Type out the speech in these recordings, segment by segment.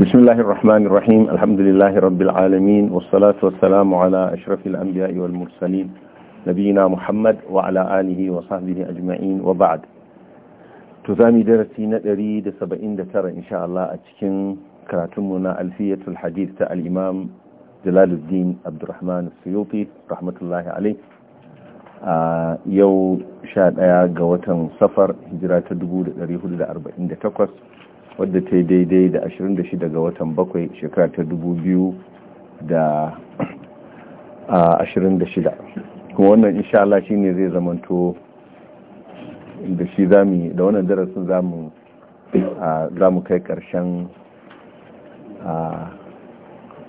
بسم الله الرحمن الرحيم الحمد لله رب العالمين والصلاة والسلام على أشرف الأنبياء والمرسلين نبينا محمد وعلى آله وصحبه أجمعين وبعد تزامي درسينا دريد سبعين دتر إن شاء الله أتكن كراتمنا ألفية الحديث الإمام جلال الدين عبد الرحمن السيوطي رحمة الله عليه a yau sha ɗaya ga watan safar hijira ta 1448 wadda ta yi daidai da 26 ga watan bakwai shekara ta 2026 kuma wannan insha shi ne zai zamanto da shi zami da wannan darasin za mu kai ƙarshen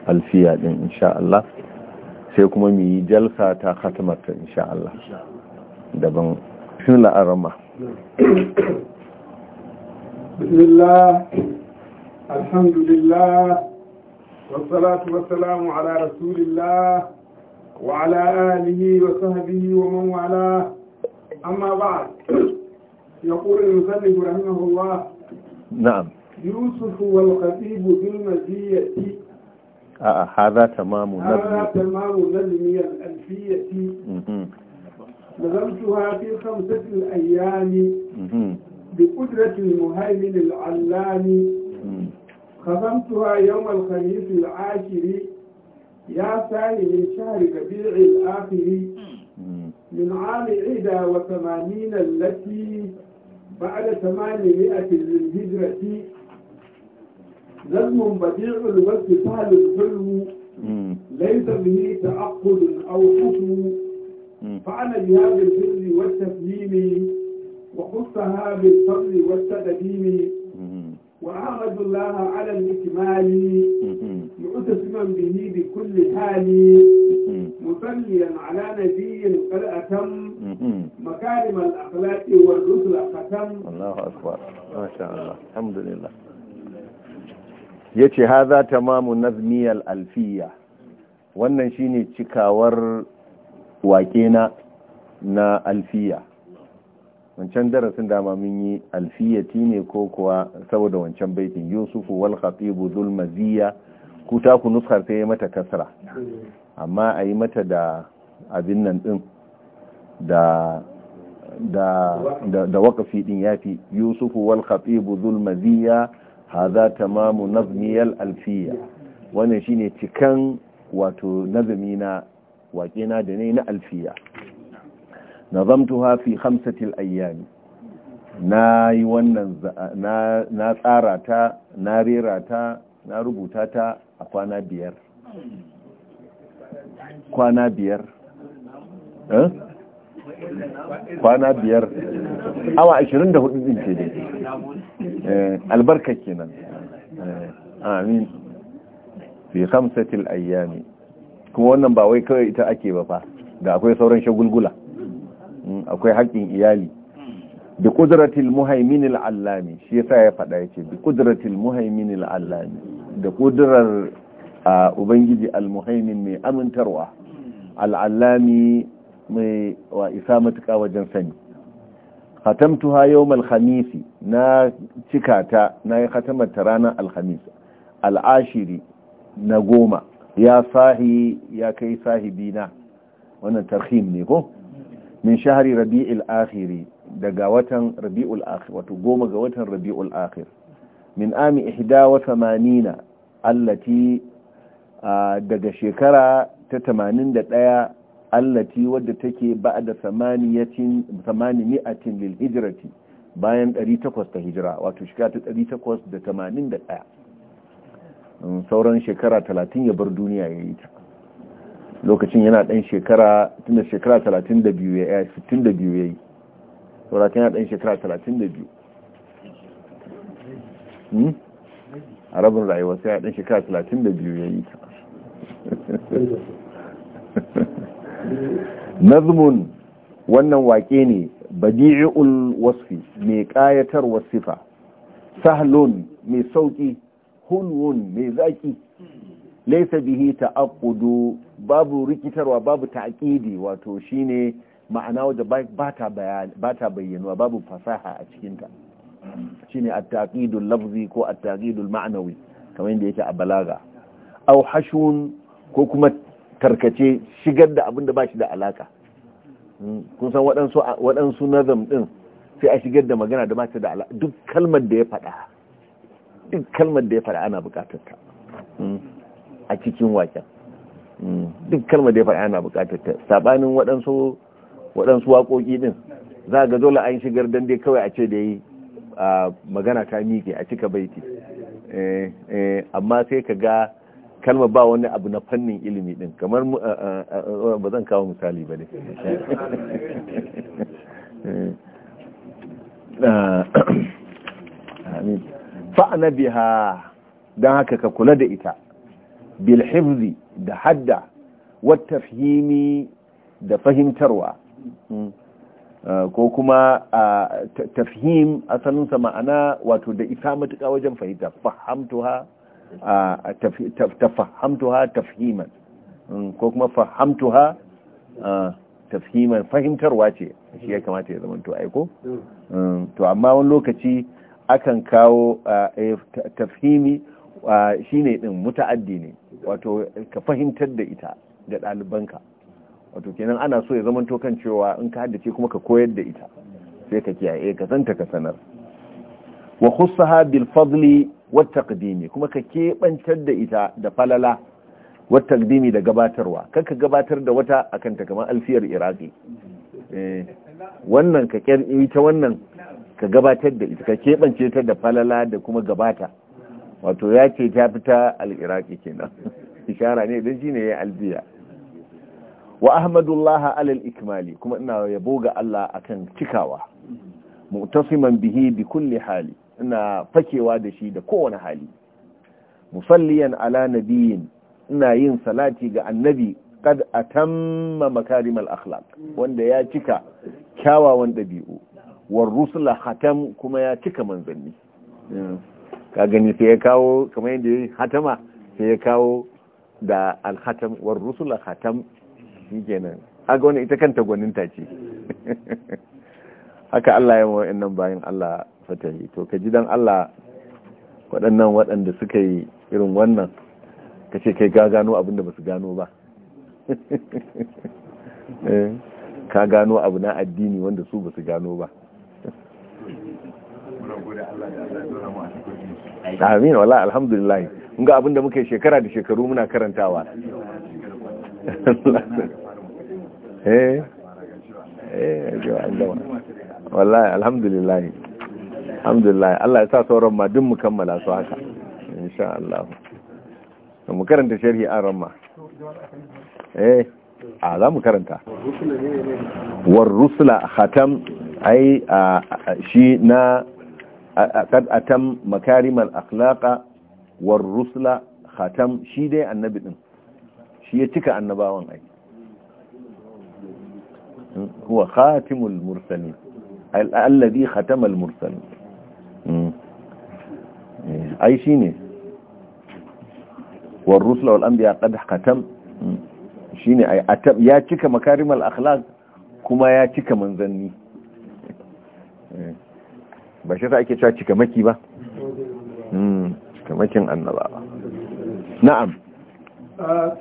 alfiya din insha Allah sai kuma mu yi jalsa ta khatamarta insha Allah daban shi la'arama بسم الله الحمد لله والصلاة والسلام على رسول الله وعلى آله وصحبه ومن والاه أما بعد يقول المسلم رحمه الله نعم يوسف والخطيب في المزية آه، آه، هذا تمام نظمي هذا تمام نظمي الألفية نظمتها في خمسة الأيام بقدرة المهيمن العلام خصمتها يوم الخميس العاشر يا ثاني من شهر ربيع الآخر من عام عدى وثمانين التي بعد ثمانمائة للهجرة نظم بديع الوقت سهل الحلو ليس به تعقد أو حكم فأنا بهذا البر والتسليم وخصها بالفضل والتقديم وعاهد الله على الإكمال معتصما به بكل حال مصليا على نبي قد أتم مكارم الأخلاق والرسل ختم الله أكبر ما شاء الله الحمد لله yace haza tamamu nazmiyal alfiya wannan shine cikawar wake na na alfiya wancan darasin dama mun yi alfiyati ne ko kuwa saboda wancan baitin yusufu wal khatibu dhul maziya ku ta ku nuskar sai mata kasra amma a yi mata da abin nan din da da da, da waqfi din yafi yusufu wal khatibu dhul maziya hadha tamamu nazmi al alfiya wannan shine cikan wato nazmi na waƙe da ne na alfiya nazamtuha fi hamsatil ayyami na yi wannan na tsara ta na rera ta na rubuta ta a kwana biyar kwana biyar kwana biyar awa ashirin da hudu din ce dai albarka kenan amin fi khamsatil ayyami kuma wannan ba wai kawai ita ake ba fa da akwai sauran shagulgula akwai haƙƙin iyali bi kudratil muhaimin al-allami shi yasa ya faɗa yace bi kudratil muhaimin allami da kudurar ubangiji al-muhaimin mai amintarwa al mai wa isa matuƙa wajen sani khatamtuha yawmal khamisi na cikata na yi ta ranar alhamis al'ashiri na goma ya sahi ya kai sahibi na wannan tarhim ne ko min shahari rabi'il akhiri daga watan rabi'ul akhir wato goma ga watan rabi'ul akhir min ami ihda wa thamanina allati daga shekara ta 81 allati wadda take ba'da thamaniyatin thamaniyatin lil hijrati bayan 800 ta hijira wato shekara ta 881 mm, sauran shekara 30 ya bar duniya yayi ta lokacin yana dan shekara tun da shekara 32 eh, ya yi 62 ya yi sauratun yana dan shekara 32 hmm? a rabin rayuwa sai ya dan shekara 32 ya yi nazmun wannan wake ne badi'ul wasfi mai kayatar wasifa sahlun mai sauki hulwun mai zaki laisa bihi ta'aqqudu babu rikitarwa babu ta'qidi wato shine ma'ana wadda bata bayan bata bayyanuwa babu fasaha a cikin ta shine at-taqidul lafzi ko at-taqidul ma'nawi kamar yadda yake a balaga aw hashun ko kuma tarkace shigar da abinda da bashi da alaka hmm, kun san waɗansu waɗansu nazam din sai a shigar da magana da bata da alaka duk kalmar da ya faɗa duk kalmar da ya faɗa ana buƙatar ta hmm. a cikin waken mm. duk kalmar da ya faɗa ana buƙatar ta sabanin waɗansu waɗansu waƙoƙi din za ga dole an shigar dan dai kawai a ce da yi magana ta miƙe a cika baiti eh, eh, amma sai ka ga kalma ba wani abu na fannin ilimi din kamar ba zan kawo misali ba ne eh, fa'a na biha don haka ka kula da ita bil hifzi da hadda wat tafhimi da fahimtarwa ko kuma tafhim asalinsa ma'ana wato da isa matuƙa wajen fahimta fahamtuha tafahamtuha tafhiman ko kuma fahamtuha tafhiman fahimtarwa ce shi ya kamata ya zama to aiko to amma wani lokaci akan kawo tafhimi shi ne ɗin muta'addi ne wato ka fahimtar da ita ga ɗalibanka wato kenan ana so ya zamanto kan cewa in ka haddace kuma ka koyar da ita sai ka kiyaye ka santa ka sanar wa khussaha bil fadli wat taqdimi kuma ka kebantar da ita da falala wat taqdimi da gabatarwa kar ka gabatar da wata akan ta kamar alfiyar iraqi eh, wannan ka kyar ita wannan ka gabatar da ita ka kebance ta da falala da kuma gabata wato ya ce ta fita al-iraqi kenan ishara ne dan shine ya albiya wa ala alal ikmali kuma ina yabo ga Allah akan cikawa mu'tasiman bihi bi kulli hali ina fakewa da shi da kowane hali musalliyan ala nabiyin ina yin salati ga annabi kad atamma makarimal akhlaq wanda ya cika kyawawan dabi'u war rusula khatam kuma ya cika manzanni ka gani sai ya kawo kamar yadda yin hatama sai ya kawo da alhatam war rusula hatam shi kenan aga wani ita kanta gwaninta ce haka Allah ya mawa nan bayan Allah fatahi to ka ji don Allah waɗannan waɗanda suka yi irin wannan ka ce kai ga gano abin da ba su gano ba eh, ka gano abu na addini wanda su ba su gano ba amin wala alhamdulillah mun ga abinda muke shekara da shekaru muna karantawa eh eh wallahi alhamdulillah alhamdulillah Allah ya sa sauran ma duk mu kammala su haka insha Allah mu karanta sharhi an eh a za mu karanta war rusula khatam ai shi na kad atam makarimal akhlaqa war rusla khatam shi dai annabi din shi ya cika annabawan ai hmm? huwa khatimul mursalin alladhi khatama al mursalin hmm. eh, ai shine war rusla wal anbiya qad khatam hmm. shine ai ya cika makarimal akhlaq kuma ya cika manzanni eh. ba shi sa ake cewa cikamaki ba hmm, cikamakin annaba na'am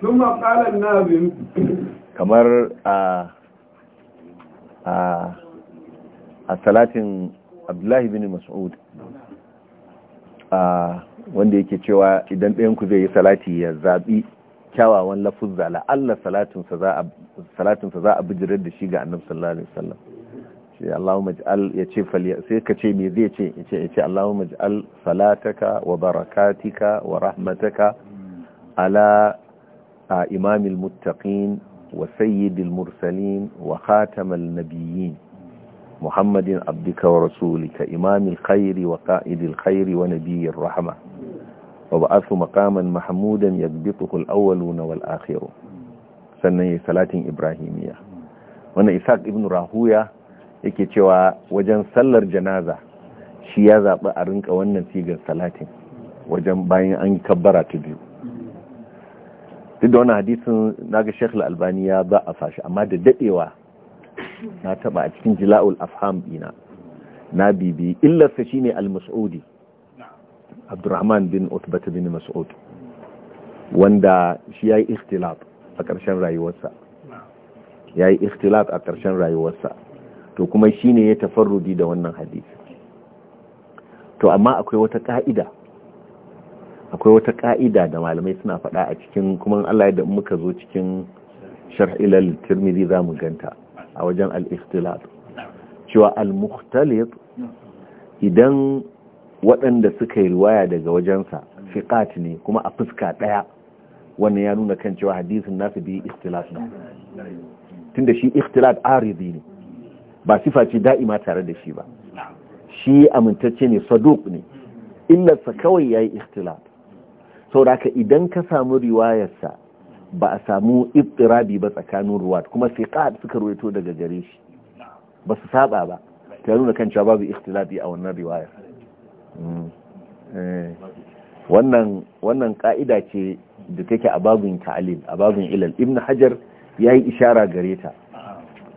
sun maƙalar kamar a salatin abdullahi bin mas'ud wanda yake cewa idan ɗayanku zai yi salati ya zaɓi kyawawan lafuzza la'allar salatinsa za a bijirar da shi ga annabi sallallahu alaihi ce Allahumma ij'al ya ce sai ka ce me zai ce ya ce ya ce salataka wa barakatika wa rahmataka ala a imamil muttaqin wa sayyidil mursalin wa khatamal nabiyyin muhammadin abdika wa rasulika kairi khairi wa qaidil khairi rahma wa ba'athu maqaman mahmudan yadbituhu al-awwaluna wal akhirun sannan yi salatin ibrahimiyya wannan isaac ibnu rahuya yake cewa wajen sallar janaza shi ya zaɓi a rinka wannan sigar salatin wajen bayan an yi kabbara ta biyu duk da wani hadisin naga shekh albani ya ba a fashi amma da daɗewa na taɓa a cikin jila'ul afham ɗina na bibi illarsa shi ne al-mas'udi abdurrahman bin utbata bin mas'ud wanda shi ya yi ikhtilaf a ƙarshen rayuwarsa ya yi ikhtilaf a ƙarshen rayuwarsa to kuma shine ya tafarrudi da wannan hadisi to amma akwai wata ka'ida akwai wata ka'ida da malamai suna faɗa a cikin kuma Allah ya da muka zo cikin sharh ilal tirmidhi za mu ganta a wajen al-ikhtilat cewa al-mukhtalit idan waɗanda suka yi riwaya daga wajensa fiqat ne kuma a fuska ɗaya wannan ya nuna kan cewa hadisin nasu bi ikhtilat ne tunda shi ikhtilat aridi ne ba sifa ce da'ima tare da shi ba shi amintacce ne saduk ne illarsa kawai ya yi ikhtilaf sauraka idan ka samu riwayarsa ba a samu ibtirabi ba tsakanin ruwa kuma sai fiqat suka ruwaito daga gare shi ba su saba ba ta nuna kan cewa babu ikhtilafi a wannan riwayar mm. eh. wannan wannan ka'ida ce da take a babin ta'lil a babin ilal ibn hajar yayi ishara gareta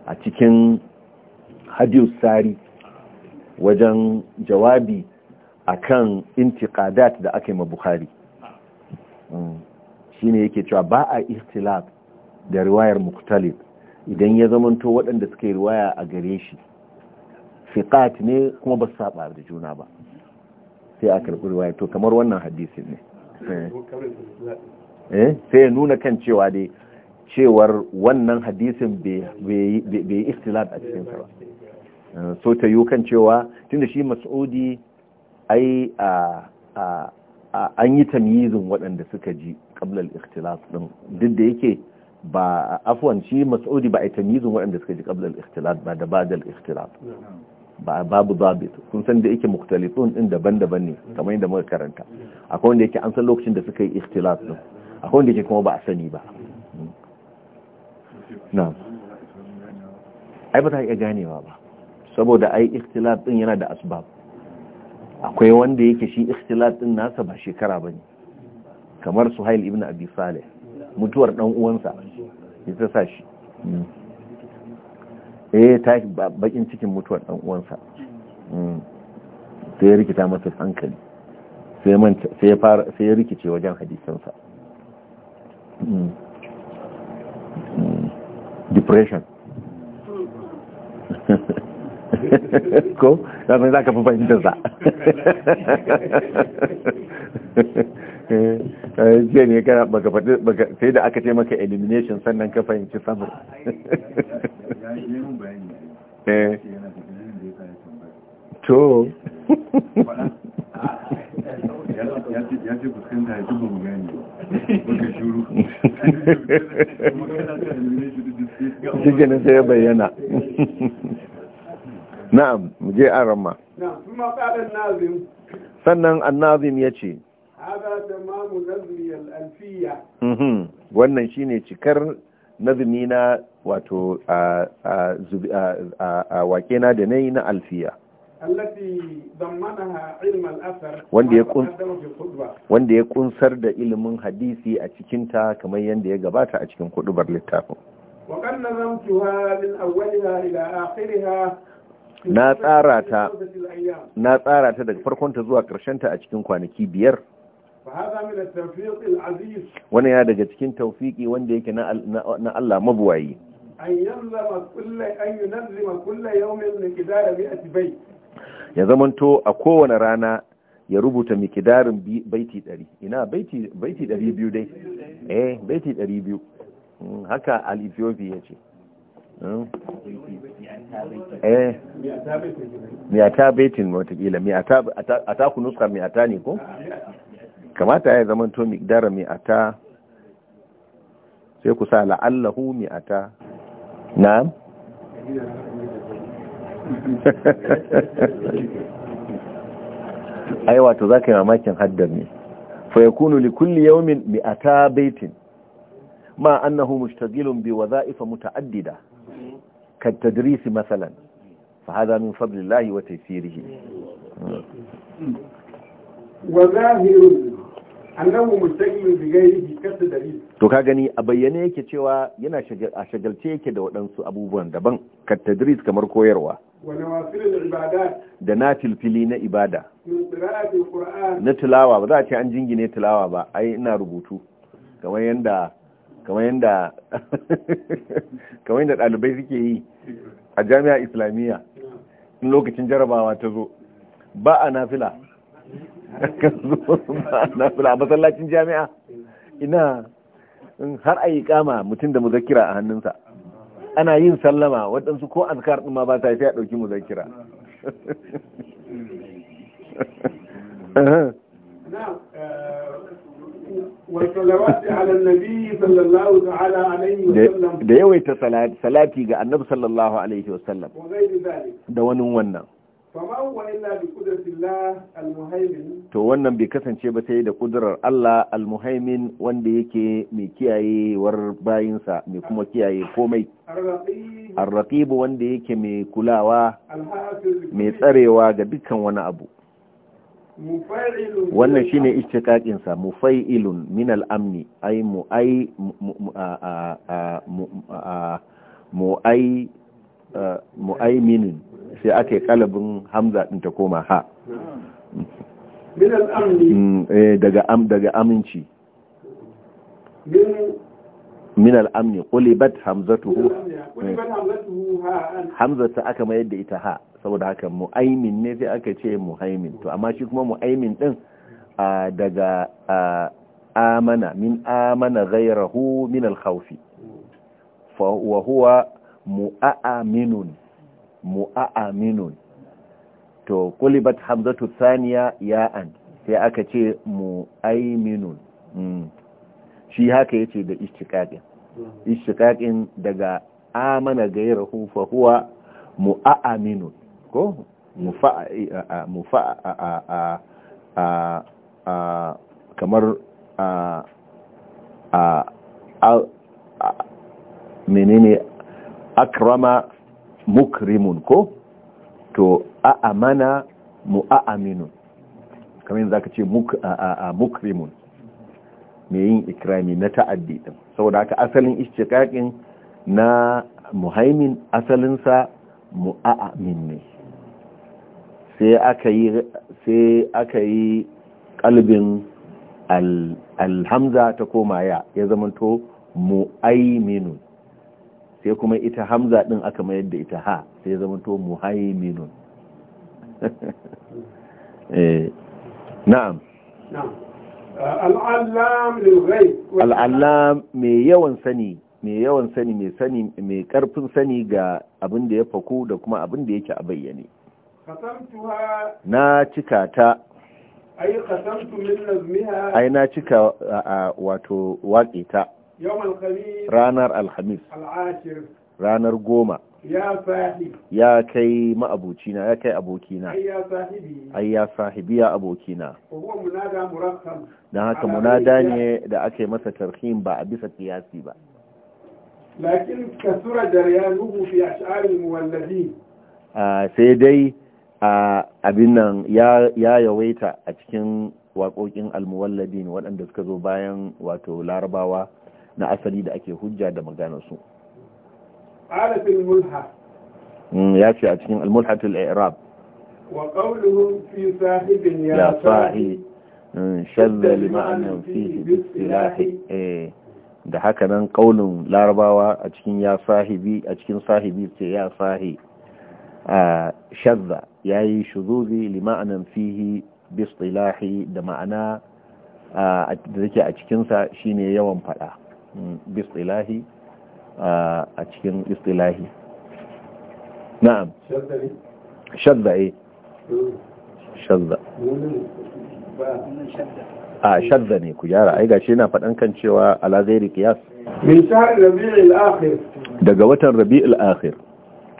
a cikin Hadiyu sari wajen jawabi a kan intiqadat da aka yi ma bukhari mm. shine yake cewa ba a ikhtilaf da riwayar muktalib idan ya zamanto waɗanda suka yi riwaya a gare shi fiqat ne kuma ba saɓa da juna ba sai a karɓi riwaya to kamar wannan hadisin ne eh, sai ya nuna kan cewa dai cewar wannan hadisin bai yi istilat a cikinsa ba eh, so ta yi kan cewa da shi mas'udi ai an yi tamyizin waɗanda suka ji ƙablar ikhtilaf ɗin duk da yake ba afwan shi mas'udi ba a yi tamyizin waɗanda suka ji ƙablar ikhtilaf ba da badal ikhtilaf ba babu zabit kun san da yake mukhtalifun ɗin daban-daban ne kamar yadda muka karanta akwai wanda yake an san lokacin da suka yi ikhtilaf ɗin akwai wanda yake kuma ba a sani ba na ai ba ta iya ganewa ba saboda ai ikhtilat din yana da asbab akwai wanda yake shi ikhtilat din nasa ba shekara bane kamar Suhail ibn Abi Saleh mutuwar dan uwansa ya sa shi hmm. eh ta bakin cikin mutuwar dan uwansa hmm. sai ya rikita masa hankali sai ya rikice wajen hadisansa hmm. depression ko zafin za ka fi fahimtarsa jiya ne kana baka faɗi sai da aka ce maka elimination sannan ka fahimci samun to ya ce fuskanta ya ce ba mu gani shi ganin sai ya bayyana na'am je an rama sannan annazim ya ce wannan shine cikar nazumi na wato a wakena da na yi na alfiya wanda ya kunsar da ilimin hadisi a cikinta kamar yadda ya gabata a cikin kudubar littafin na tsara ta daga farkon ta daga farkonta zuwa ta a cikin kwanaki biyar wani ya daga cikin taufiki wanda yake na Allah mabuwayi an an ya zamanto a kowane rana ya rubuta mikidarin baiti ɗari ina baiti ɗari biyu dai eh baiti ɗari biyu hmm, haka al-ethiopia ya ce hmm? eh miyata baitin watakila miyata a ta kunuskar miyata ne ko kamata ya zama to mikdara miyata sai ku sa la'allahu miyata na ai wato za ka yi mamakin haddar ne kunu li kulli yawmin bi ata baitin ma annahu mushtagilun bi wadha'ifa muta'addida ka tadrisi masalan fa hada min fadlillahi wa taysirihi wa zahirun annahu mushtagilun bi to ka gani a bayyane yake cewa yana a shagalce yake da waɗansu abubuwan daban ka tadris kamar koyarwa da na filfili na ibada na tilawa ba za a ce an jingine tilawa ba ai ina rubutu kamar yadda kamar ɗalibai suke yi a jami'a islamiyya in lokacin jarabawa ta zo ba a nafila a masallacin jami'a ina har a yi kama mutum da muzakira a hannunsa ana yin sallama waɗansu ko azkar ɗin ma ba ta fi a ɗauki muzakira eh, da yawaita salati ga annabi sallallahu alaihi wasallam da wani wannan to wannan bai kasance ba sai da kudurar Allah almuhaimin wanda yake mai kiyayewar bayinsa mai kuma kiyaye komai arraqibu wanda yake mai kulawa mai tsarewa ga dukkan wani abu wannan shine istiqaqin sa mufailun minal al-amni mu mu'aiminin sai aka yi kalabin hamza din ta koma ha mm, eh, daga aminci min al'amni ƙulibat hamzatuhu hamzata aka mayar da ita ha saboda haka mu'aimin ne sai aka ce mu'aimin to amma shi kuma mu'aimin din daga amana min amana ghairahu min al-khawfi fa huwa mu'aaminun mu'aaminun to kulibat hamzatu thaniya ya'an sai aka ce mu'aiminun mm. shi haka yace da ishtiqaqin ishtiqaqin daga amana gairahu fa huwa mu'aaminun ko a a a kamar a a menene akrama mukrimun ko to a'amana mu'aminun kamar yanzu aka ce mukrimun mai yin ikrami na ta'addi din saboda haka asalin ishtiqaqin na muhaimin asalinsa mu'a'amin ne sai aka sai aka yi kalbin alhamza ta koma ya ya zamanto mu'aiminun sai kuma ita hamza din aka mayar da ita ha sai zama to muhaiminun eh na'am al'allam mai yawan sani mai yawan sani mai sani mai karfin sani ga abin da ya faku da kuma abin da yake a bayyane na cika ta ai na cika wato waƙe ta ranar alhamis ranar goma ya kai ma'abocina ya kai abokina ai ya sahibi ya abokina don haka munada ne da aka yi masa tarhim ba a bisa kiyasi ba lakin kasura fi sai dai abin nan ya yawaita a cikin waƙoƙin almuwalladin waɗanda suka zo bayan wato larabawa na asali da ake hujja da maganarsu mm, ya ce a cikin almulhatul irab wa ya sahi mm, shadda lima'anin fihi bisilahi eh, da haka nan kaulin larabawa a cikin ya sahibi a cikin sahibi ce ya sahi a ah, shadda ya yi shuzuzi lima'anin fihi bisilahi da ma'ana ah, da ke a cikinsa shine yawan fada bisilahi a cikin istilahi na'am shadda eh shadda a shadda ne ku yara ai gashi yana faɗan kan cewa ala zairi qiyas min rabi' al akhir daga watan al akhir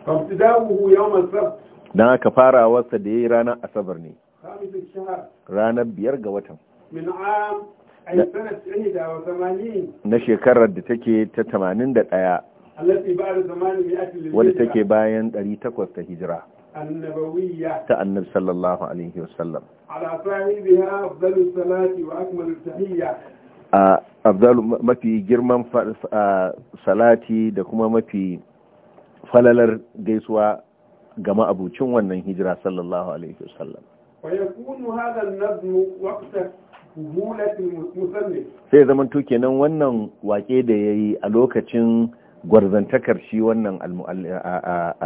fabtida'uhu yawm as-sabt dan aka fara wasa da yayi ranar asabar ne ranar biyar ga watan min am na shekarar da take ta 81 wadda take bayan 800 ta hijira ta annabi sallallahu alaihi wasallam a afdalu mafi girman salati da kuma mafi falalar gaisuwa ga ma'abucin wannan hijira sallallahu alaihi wasallam wa nazmu waqta sai zaman to kenan wannan wake da ya yi a lokacin gwarzantakar shi wannan a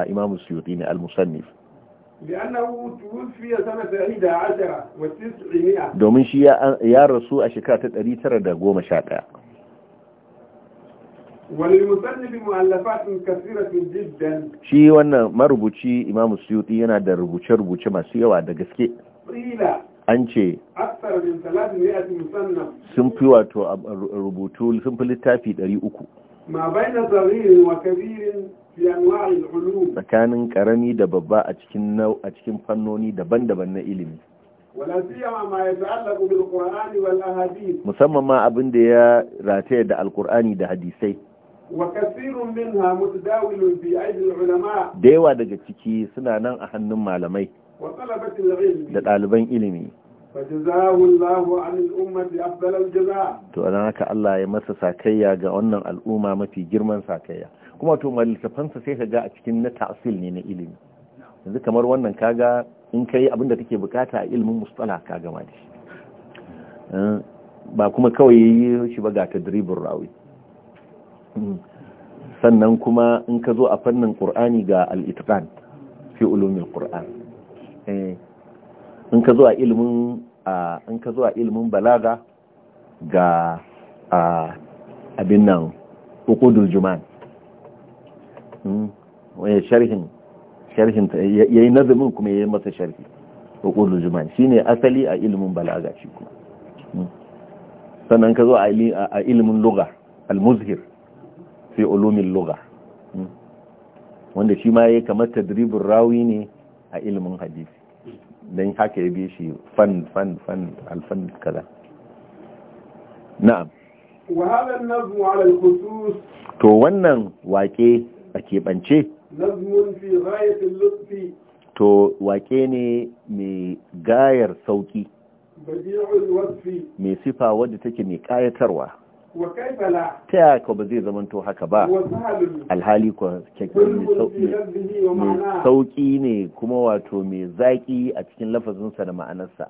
imamu suyuti ne al-musannif domin shi ya rasu a shekara ta 1911 shi wannan marubuci imamu Suyuti yana da rubuce-rubuce masu yawa da gaske. an ce sun fi wato rubutu sun fi littafi 300 ma wa tsakanin karami da babba a cikin a cikin fannoni daban-daban na ilimi wala musamman ma abin da ya rataya da alkur'ani da hadisai wa kasirun da yawa daga ciki suna nan a hannun malamai da ɗaliban ilimi to a haka Allah ya masa sakayya ga wannan al'umma mafi girman sakayya kuma to malittafansa sai ka ga a cikin na ta'asil ne na ilimi yanzu kamar wannan kaga in ka yi abinda kake bukata a ilimin mustala ka gama da shi eh, ba kuma kawai yi shi ba ga ta tadribin rawi sannan kuma in ka zo a fannin qur'ani ga al fi in ka zuwa ilimin in ka zuwa ilimin balaga ga abin nan ukudul juman hmm? wani sharhin sharhin ya yi nazamin kuma ya yi masa sharhi ukudul juman shi ne asali a ilimin balaga shi kuma hmm? sannan ka zuwa a ilimin luga al-muzhir fi ulumin luga hmm? wanda shi ma ya kamar tadribin rawi ne a ilimin hadisi don haka ya bi shi fan fan fan alfan kaza na'am to wannan wake a lutfi to wake ne mai gayar sauki mai sifa wadda take mai kayatarwa ta yaka ba zai zamanto haka ba alhali ko mai sauƙi ne kuma wato mai zaƙi a cikin lafazinsa da ma'anarsa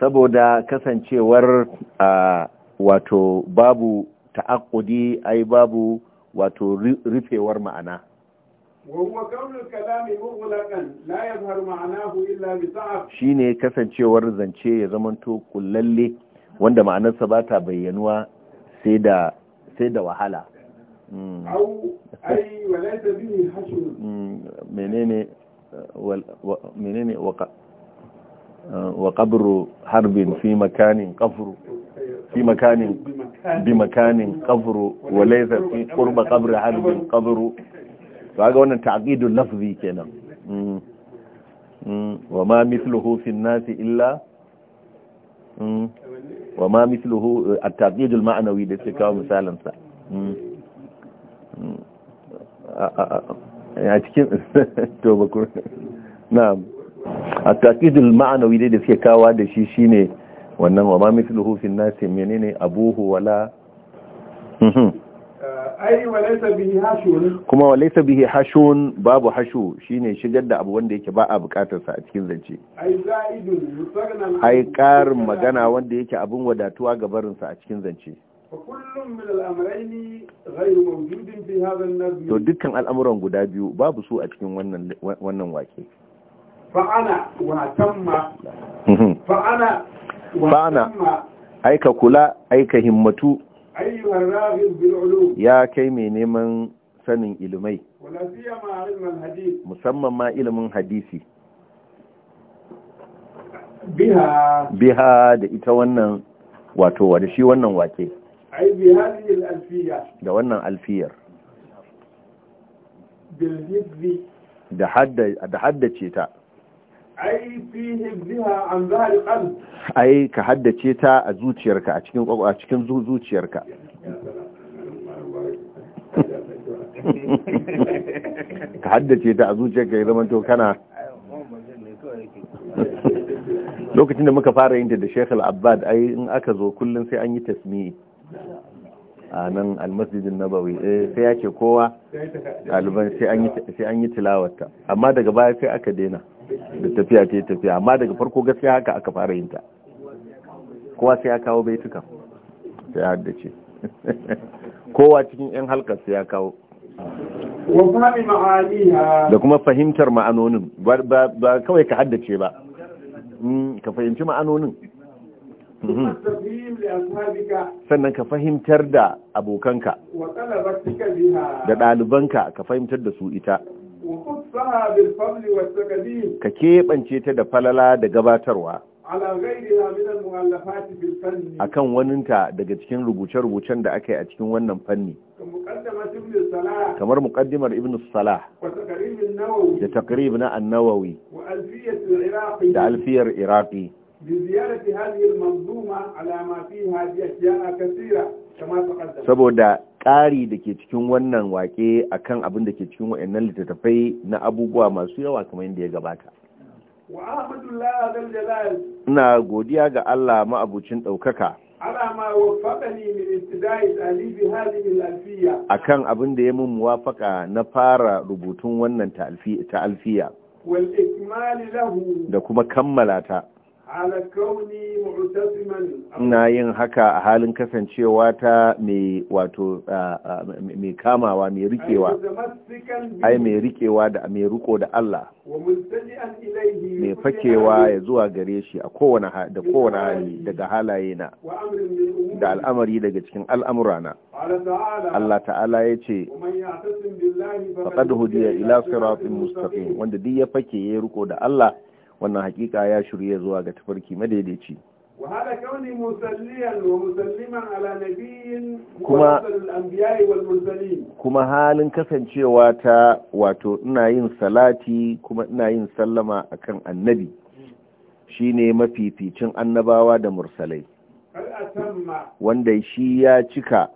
saboda kasancewar a wato babu ta'akudi ai babu wato rufewar ma'ana وهو كون الكلام مغلقا لا يظهر معناه إلا بضعف شيني kasancewar zance ya zamanto kullalle wanda ma'anarsa ba ta bayyanuwa sai da sai da wahala au harbin fi makanin qafru fi makanin bi makanin harbin to ga wannan ta'qidul lafzi kenan mm. Mm. wa ma mithluhu fi nas illa mm. wa ma mithluhu eh, at-ta'qidul ma'nawi da suka kawo misalan sa a cikin to bakur na'am at-ta'qidul ma'nawi da suke kawo da shi shine wannan wa ma mithluhu fi nas menene abuhu wala mhm kuma walaisa bihi hashun babu hashu shine shigar da abu wanda yake ba a bukatar sa a cikin zance ai karin magana wanda yake abin wadatuwa ga barin sa a cikin zance to dukkan al'amuran guda biyu babu su a cikin wannan wannan wake fa'ana wa tamma mhm. fa'ana fa'ana aika kula aika himmatu ya kai mai neman sanin ilimai musamman ma ilimin hadisi biha da ita wannan wato da shi wannan wake da wannan alfiyar da haddace ta ai ka haddace ta a zuciyarka a cikin a cikin zuciyarka ka haddace ta a zuciyarka ya zama to kana lokacin da muka fara yin ta da Sheikh Al-Abbad ai in aka zo kullum sai an yi tasmi a nan almasjidin nabawi Bawai sai ya ce kowa ɗaliban sai an yi tilawarta amma daga baya sai aka daina da tafiya ta yi tafiya amma daga farko gaskiya haka aka fara yin ta kowa sai ya kawo baitukan sai ya haddace kowa cikin 'yan halkar sai ya kawo da kuma fahimtar ma'anonin ba kawai ka haddace ba hmm, ka fahimci ma'anonin hmm. sannan ka fahimtar da abokanka da ɗalibanka ka fahimtar da su ita ka keɓance ta da falala da gabatarwa a kan waninta daga cikin rubuce-rubucen da aka yi a cikin wannan fanni kamar muƙaddimar ibn salah da takrib na annawawi da alfiyar iraki saboda ƙari da ke cikin wannan wake akan abin da ke cikin wa'annan littattafai na abubuwa masu yawa kamar yadda ya gabata ina godiya ga Allah ma'abucin ɗaukaka akan abin da ya mun muwafaka na fara rubutun wannan ta'alfiya da kuma kammala ta ina yin haka a halin kasancewa ta mai wato mai kamawa mai rikewa ai mai rikewa da mai riko da Allah mai fakewa ya zuwa gare shi a kowane da kowane hali daga halaye na da al'amari daga cikin al'amurana Allah ta'ala ya ce hudu hudiya ila siratin mustaqim wanda duk ya fake ya riko da Allah wannan hakika ya shirye zuwa ga tafarki madaidaici Kuma halin kasancewa ta wato ina yin salati kuma ina yin sallama akan annabi shine mafificin annabawa da mursalai wanda shi ya cika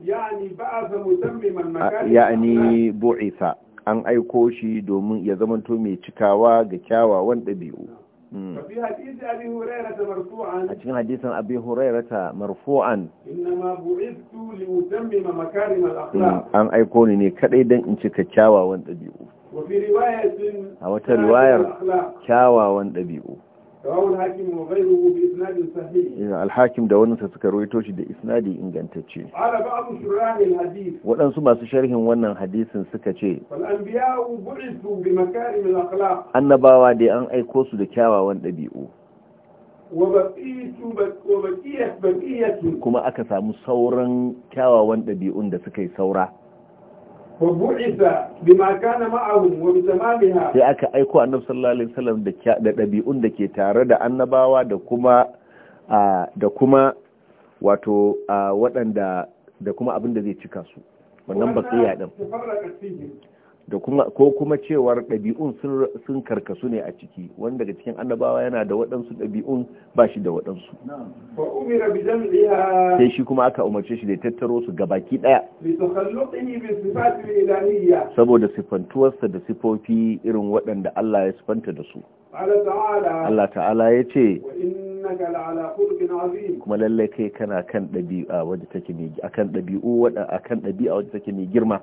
ya'ani bu'isa an aiko shi domin ya zamanto mai cikawa ga kyawawan ɗabi'u Mm. a cikin hadisan abin hurairata marfo'an mm. an aiko ni ne kadai don in cika kyawawan ɗabi'u a wata riwayar kyawawan ɗabi'u alhakim da wani suka rawaito shi da isnadi ingantacce waɗansu masu sharhin wannan hadisin suka ce annabawa dai an aiko su da kyawawan ɗabi'u kuma aka samu sauran kyawawan ɗabi'un da suka yi saura sai aka aiko annabi sallallahu alaihi wasallam da ɗabi'un da ke tare da annabawa da kuma da kuma wato waɗanda da kuma abin da zai cika su wannan ba din da kuma ko kuma cewar ɗabi'un sun karkasu ne a ciki wanda daga cikin annabawa yana da waɗansu ɗabi'un ba shi da waɗansu sai shi kuma aka umarce shi da tattaro su ga baki ɗaya saboda siffantuwarsa da sifofi irin waɗanda Allah ya siffanta da su Allah ta'ala ya ce kuma lallai kai kana kan ɗabi'u a wajen take mai girma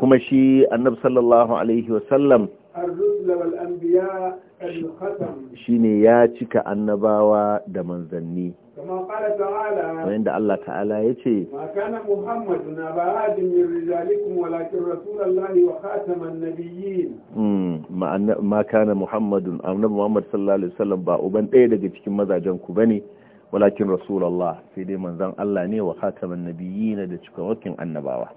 kuma shi annab sallallahu alaihi wasallam shi ne ya cika annabawa da manzanni wayan da Allah ta'ala ya ce na ma kana muhammadun annabi muhammad sallallahu alaihi wasallam ba uban ɗaya daga cikin mazajen ku bane ne walakin rasulallah sai dai manzon Allah ne wa khataman na da cikakken annabawa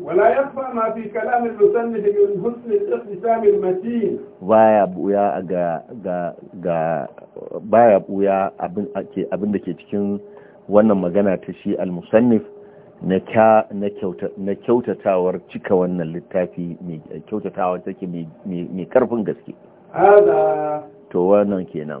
ولا يخفى ما في كلام المصنف من حسن الاقتسام المتين baya buya ga ga ga baya buya abin ake abin da ke cikin wannan magana ta shi al-musannif na ka na kyauta na kyautatawar cika wannan littafi mai kyautatawa take mai karfin gaske hada to wannan kenan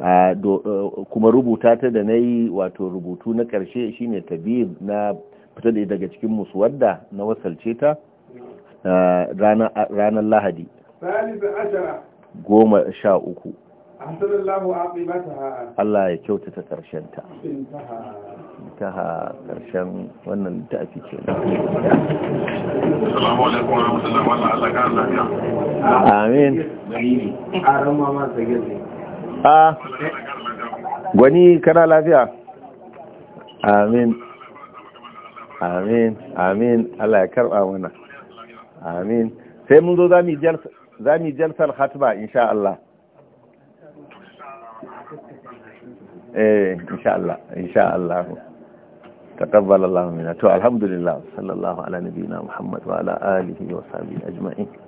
E, kuma rubuta ta da na yi wato rubutu na ƙarshe shine tabir na fita da daga cikin musuwadda na wasalce ta e, ranar lahadi goma sha uku Allah ya kyautata ƙarshen ta ta ƙarshen wannan ce amin a gwani kana lafiya amin amin amin Allah ya karba mana amin sai mun zo za mu jalsar hatma insha Allah eh insha Allah insha Allah تقبل الله منا تو الحمد لله صلى الله على نبينا محمد وعلى آله وصحبه أجمعين